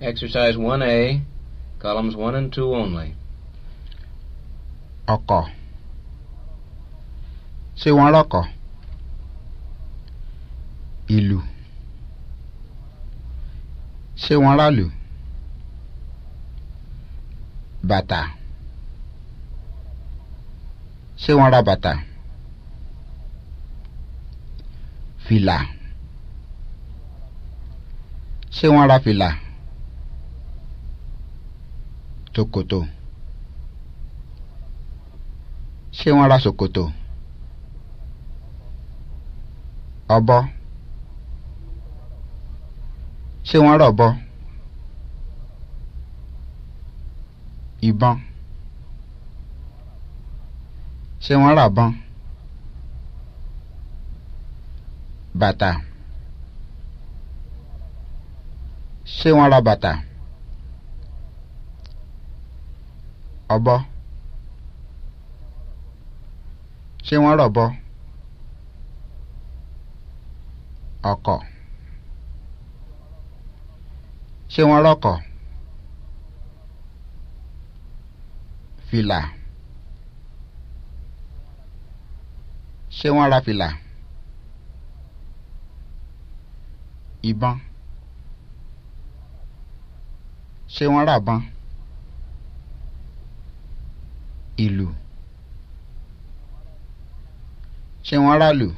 Exercise 1A, columns 1 and 2 only. Ọkọ̀. Se wọ́n rọ́kọ̀? Ìlú. Se wọ́n rálù? Bàtà. Se wọ́n ra bàtà? Fìlà. Ṣé wọ́n ra fìlà? ṣòkòtò ṣé wọ́n ra ṣòkòtò ọ̀bọ ṣé wọ́n rọ̀bọ ìbọn ṣé wọ́n ràbọn bàtà ṣé wọ́n ra bàtà. ọ̀bọ ṣé wọ́n rọ̀bọ ọ̀kọ̀ ṣé wọ́n rọ̀kọ̀ fìlà ṣé wọ́n ra fìlà ìbọn ṣé wọ́n rà bọn ìlù ṣé wọ́n ràlù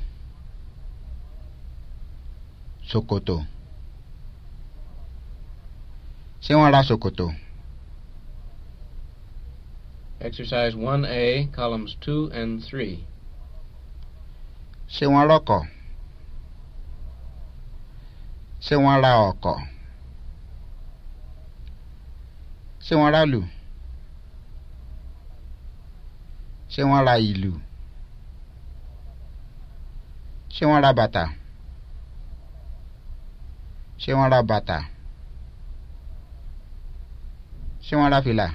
ṣòkòtò ṣé wọ́n ra ṣòkòtò. Exercise one a columns two and three. Ṣé wọ́n rọ́kọ̀? Ṣé wọ́n ra ọkọ̀? Ṣé wọ́n rálù? ṣé wọ́n ra ìlù ṣé wọ́n ra bàtà ṣé wọ́n ra bàtà ṣé wọ́n ra fìlà.